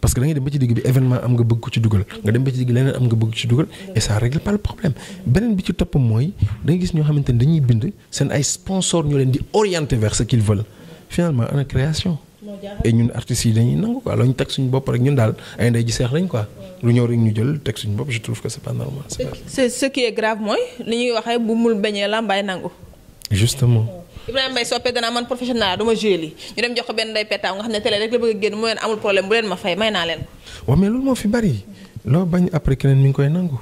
parce que da ngay dem ba ci digg bi événement am nga bëgg ko ci dugal nga dem ba ci digg leneen am nga bëgg ci dugal et ça règle pas le problème beneen bi ci topp mooy da ngay gis ñoo xamante ne dañuy bind seen ay sponsor ñoo leen di orienter vers ce qu'ils veulent finalement ana création et ñun artistes yi dañuy nangu quoi loolu ñu teg suñu bopp rek ñun daal ay ndey ji seex lañ quoi lu ñëw rek ñu jël teg suñu bopp je trouve que c'est pas normal c'est ce qui est grave mooy li ñuy waxee bu mul bañee la mbay nangu justement Ibrahima Mbaye soppe danaa man professionnel du ma joué lii ñu dem jox ko benn day pétaaw nga xam ne télé rek la bëgg a génn mu leen amul problème bu leen ma fay may naa leen ko. waaw mais loolu moo fi bari loo bañ après keneen mi ngi koy nangu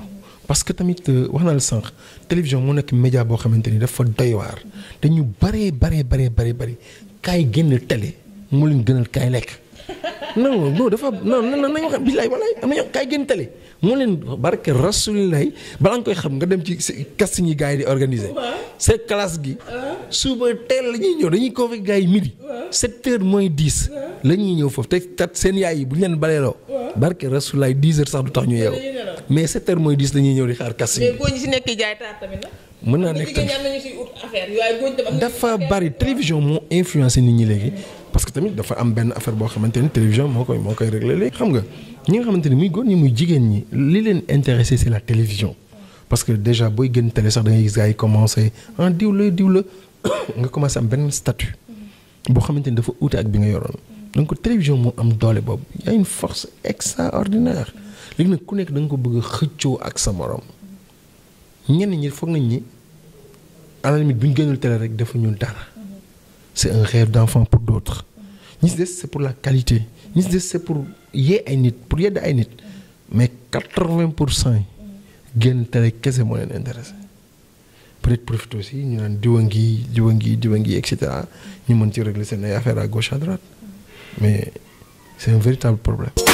parce que tamit euh, wax naa la sànq télévision moo nekk média boo xamante ni dafa doy waar te ñu baree baree baree baree baree kaay génn télé mu leen gënal kaay lekk. non non dafa non non nañu wax billaay walaay am na kaay gën télé moo leen barke rasulilaay balaa nga koy xam nga dem ci casting yi gars yi di organiser. seen classe gi. suba teel la ñuy ñëw dañuy convoqué gars yi midi. 7 mooy 10. la ñuy ñëw foofu te tat seen yaay yi bu leen baleeloo. barke rasulilaay 10 heures sax du tax ñu yeewu. mais 7 mooy 10 la ñëw di xaar casting yi. ñu si mën naa nekk tamit dafa bari télévision moo influencé nit ñi léegi parce que tamit dafa am benn affaire boo xamante ni télévision moo koy moo koy réglé léegi xam nga ñi nga xamante ni muy góor ñi muy jigéen ñi li leen intéressé c'est la télévision parce que déjà booy gën télé sax da ngay gis gars yi commencé ah diw la diw la nga commencé am benn statut boo xamante ni dafa uute ak bi nga yoroon donc télévision moo am doole boobu y a une force extraordinaire léegi nag ku nekk da nga ko bëgg a xëccoo ak sa morom ñenn ñi foog nañ ñi limite télé c'est un rêve d'enfant pour d'autres Nous, c'est pour la qualité nous, c'est pour y ay pour y ay mais 80% télé intéressé Pour être profite aussi nous, avons deux ngi deux ngi deux etc. etc. Nous ñu mën ci régler ces affaires à gauche à droite mais c'est un véritable problème